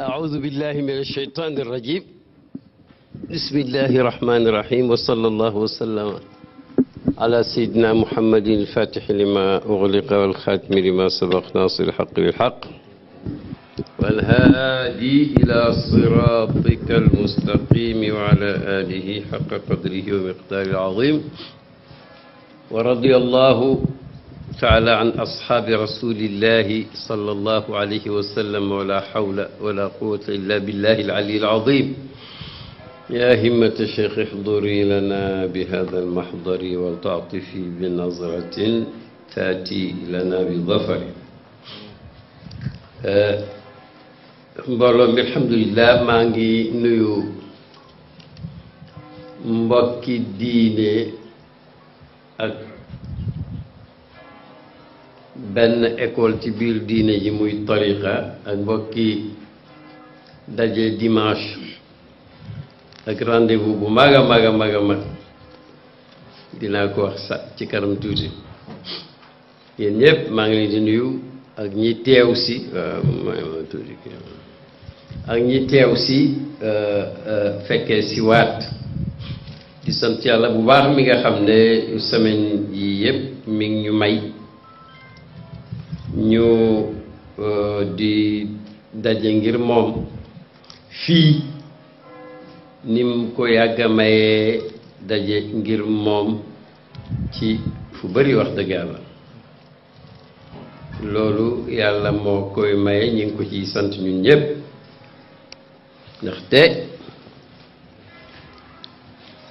أعوذ بالله من الشيطان الرجيم بسم الله الرحمن الرحيم وصلى الله وسلم على سيدنا محمد الفاتح لما أغلق والخاتم لما سبق ناصر الحق بالحق والهادي إلى صراطك المستقيم وعلى آله حق قدره ومقداره العظيم ورضي الله taala an ashaabi rasulillahi sallallahu alayhi wa sallam wala hawla wala quwwata illa billahi al-ali al-azim ya himmata cheikh ihduri lana bi hada al-mahdari wa taatifi bi nazratin taati lana bi dafari mbooloo mi alhamdulillah maa ngi nuyu mbokki diine ak benn école ci biir diine ji muy tariqa ak mbokki daje dimanche ak rendez bu mag a mag a mag dinaa ko wax sa ci kanam tuuti yéen ñëpp maa ngi leen di nuyu ak ñi teew si waaw ma tuuti ak ñi teew si euh, euh, fekkee si waat di sant yàlla bu baax mi nga xam ne semaine yi yëpp mi ngi ñu may ñu euh, di daje ngir moom fii ni mu ko yàgg a mayee daje ngir moom ci fu bari wax dëgg yàlla loolu yàlla moo koy maye ñu ngi ko ciy sant ñun ñëpp ndaxte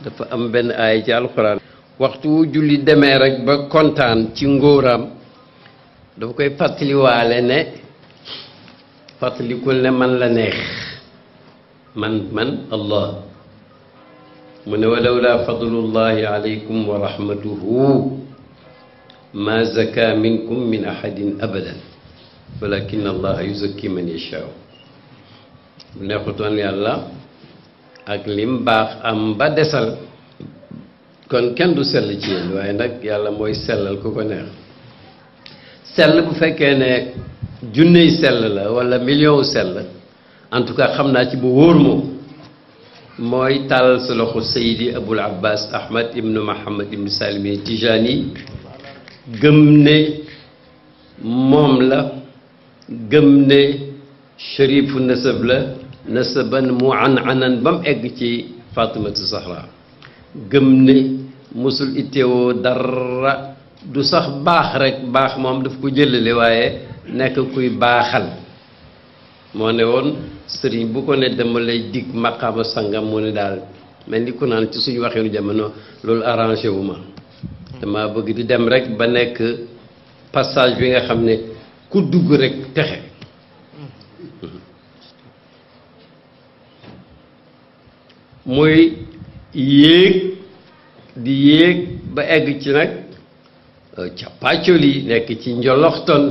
dafa am benn aay ci alxuraan waxtu wu julli demee rek ba kontaan ci ngóoraam dafa koy fàttaliwaale ne fàttalikul ne man la neex man man allah mu ne walaw laa fadlullahi alaykum ma zaka minkum min ahadin abadan walakin allah yuzakki man yashaa bu neexutoon yàlla ak lim desal kon kenn du sell ci yéen waaye nag yàlla mooy sellal ku ko neex sell bu fekkee ne junney sell la wala million sell en tout cas xam naa ci bu wóor moom mooy tàllal sa loxo sayidi abul abbas ahmad ibnu mahamad ibnu salimi tijani gëm ne moom la gëm ne sharifu nasab la nasaban mu egg ci fatimatu zahra gëm ne musul ittewoo dara du sax baax rek baax moom daf ko jëlale waaye nekk kuy baaxal moo ne woon sëriñ bu ko ne dama lay dig maqaama sangam mu ne daal mel ni ko naan ci suñu waxinu jamono loolu arrangé wu ma dama bëgg di dem rek ba nekk passage bi nga xam ne ku dugg rekk texe muy yéeg di yéeg ba egg ci nag Euh, ca càppaacoli nekk ci njoloxton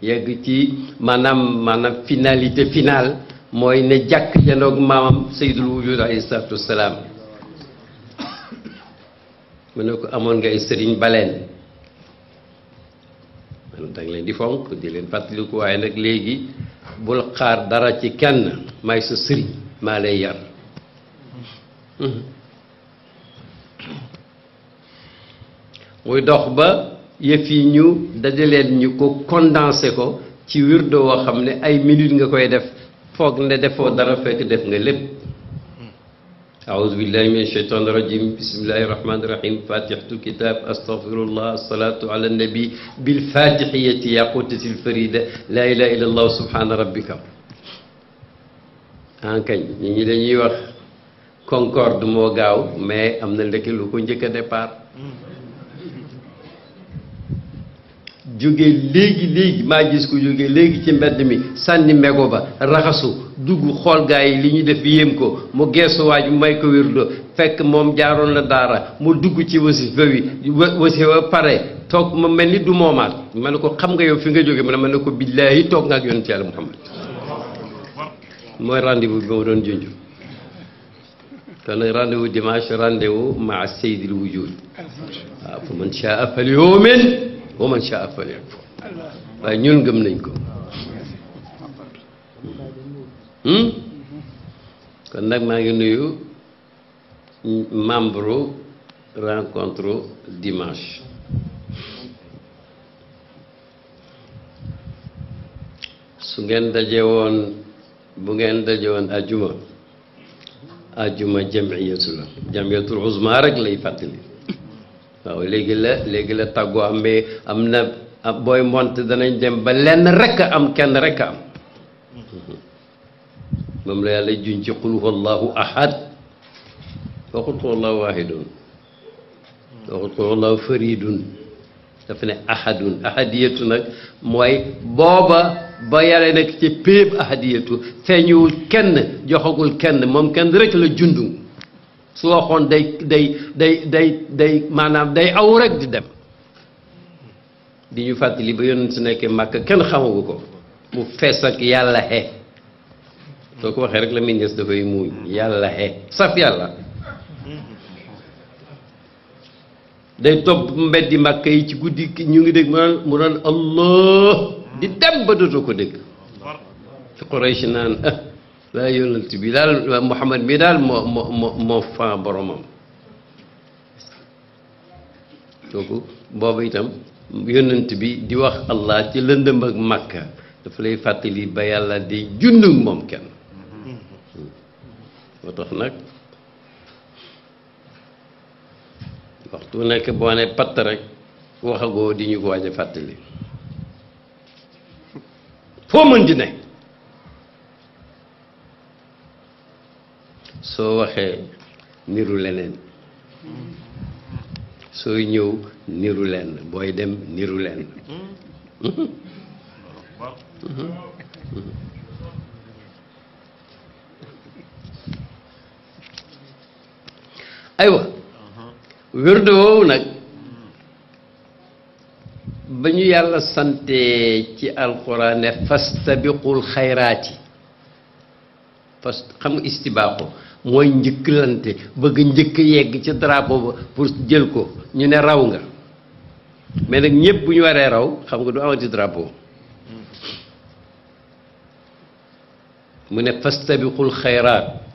yegg ci maanaam maanaam finalité finale mooy ne jàkk janoog maamam sayyidul wujud alayhi salaatu wasalaam mu ne ko amoon nga sëriñ baleen man danga leen di fonk di leen fàttaliku waaye nag léegi bul xaar dara ci kenn may sa sëriñ maa lay yar hmm. muy dox ba yëf yi ñu dajaleen ñu ko condensé ko ci wirdo woo xam ne ay minutes nga koy def foog ne defoo dara fekk def nga lépp aoudu billahi min asheytan irajim bismillahi irrahmani irrahim fatihatu kitab astahfirullah asalaatu ala annabi bilfatihiyati ya quddatil farida la ilaha illa allah subhana rabbika enkañ ah, ñi ñi dañuy wax concorde moo gaaw mais am na ndeke lu ko njëkk a départ jóge léegi léegi maa gis ko jóge léegi ci mbedd mi sànni mego ba raxasu dugg xool gaa yi li ñu def yéem ko mu geesuwaaj mu may ko wirdo fekk moom jaaroon la daara mu dugg ci wasifa wi wasifa pare toog ma mel ni du moomaat ma ne ko xam nga yow fi nga jóge mu ne ma na ko billaahi toog nga ak yonent yàlla Muhammad mooy rendez-vous bi ma doon junju kon nag rendez-vous dimanche rendez-vous ma seydil wujud waaw fa man shaa fal yu'min wa man shaa falyakfur waaye ñun gëm nañ ko hmm? kon nag maa ngi nuyu membre rencontre dimanche su ngeen daje bu ngeen daje woon ajuma ajuma jamiyatu la jamiyatul uzma rek lay fàttali waaw léegi la léegi la tàggoo am mais am na booy mont danañ dem ba lenn rek a am kenn rek a am moom la yàlla juñ ci qul huwallahu ahad waxut qul huwallahu wahidun waxut qul huwallahu faridun dafa ne ahadun ahadiyatu nag mooy booba ba yàlla nekk ci péeb ahadiyatu feeñuwul kenn joxagul kenn moom kenn rek la jundu su waxoon day day day day day maanaam day aw rek di dem di ñu fàttali ba yonent su nekkee màkk kenn xamagu ko mu fees ak yàlla xe soo ko waxee rek la muy ñes dafay muuñ yàlla xe saf yàlla day topp mbeddi màkk yi ci guddi ñu ngi dégg mu naan mu naan allah di dem ba dootoo ko dégg ci naan ah. waaye yonent bi daal Muhammad mi daal moo moo moo fan boromam kooku boobu itam yonent bi di wax Allah ci lëndëm ak Makka dafa lay fàttali ba yàlla di jundu moom kenn moo tax nag waxtu nekk boo ne patt rek waxagoo di ñu ko waaj fàttali foo mën di ne soo waxee niru leneen sooy ñëw niru lenn booy dem niru lenn aywa wérde woowu nag ba ñu yàlla sante ci alquran ne fastabiqul xayraati fas xam nga mooy njëkkalante bëgg njëkk yegg ci drapeau ba pour jël ko ñu ne raw nga mais nag ñëpp bu ñu waree raw xam nga du amati drapeau mu ne fastabiqul xayraat